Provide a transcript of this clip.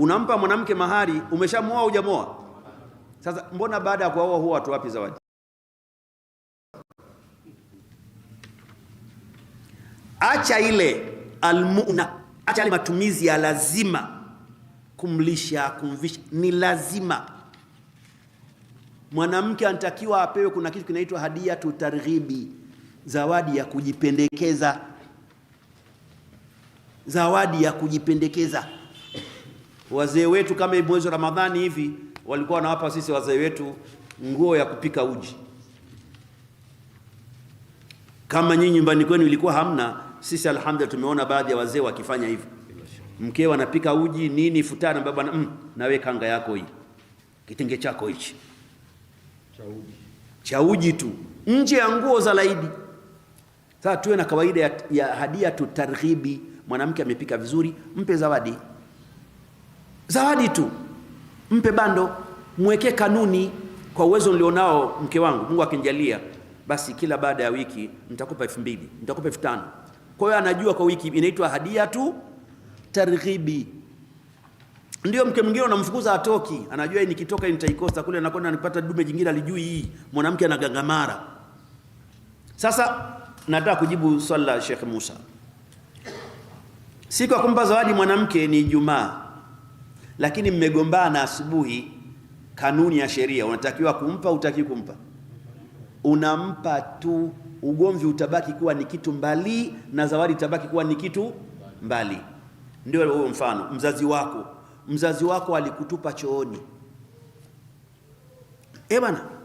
Unampa mwanamke mahari, umeshamwoa hujamuoa? Sasa mbona baada ya kuoa huwa watu wapi zawadi? Acha ile almuna, acha ile matumizi ya lazima, kumlisha, kumvisha ni lazima. Mwanamke anatakiwa apewe, kuna kitu kinaitwa hadia tutarghibi, zawadi ya kujipendekeza, zawadi ya kujipendekeza Wazee wetu kama mwezi wa Ramadhani hivi walikuwa wanawapa sisi wazee wetu nguo ya kupika uji. Kama nyinyi nyumbani kwenu ilikuwa hamna, sisi alhamdulillah tumeona baadhi ya wazee wakifanya hivyo, mkewe anapika uji nini, futana baba na, mm, nawe kanga yako hii, kitenge chako hichi cha uji cha uji tu nje ya nguo za laidi. Sasa tuwe na kawaida ya, ya hadia targhibi Mwanamke amepika vizuri, mpe zawadi zawadi tu, mpe bando, mwekee kanuni. Kwa uwezo nilionao, mke wangu, Mungu akinijalia, basi kila baada ya wiki nitakupa elfu mbili nitakupa elfu tano Kwa hiyo anajua kwa wiki inaitwa hadia tu targhibi. Ndio mke mwingine unamfukuza atoki, anajua nikitoka nitaikosa kule, anakwenda anapata dume jingine, alijui hii mwanamke anagangamara. Sasa nataka kujibu swali la Sheikh Musa, siku ya kumpa zawadi mwanamke ni Ijumaa lakini mmegombana asubuhi, kanuni ya sheria unatakiwa kumpa, utaki kumpa, unampa tu. Ugomvi utabaki kuwa ni kitu mbali na zawadi itabaki kuwa ni kitu mbali. Ndio huo mfano, mzazi wako, mzazi wako alikutupa chooni, eh bana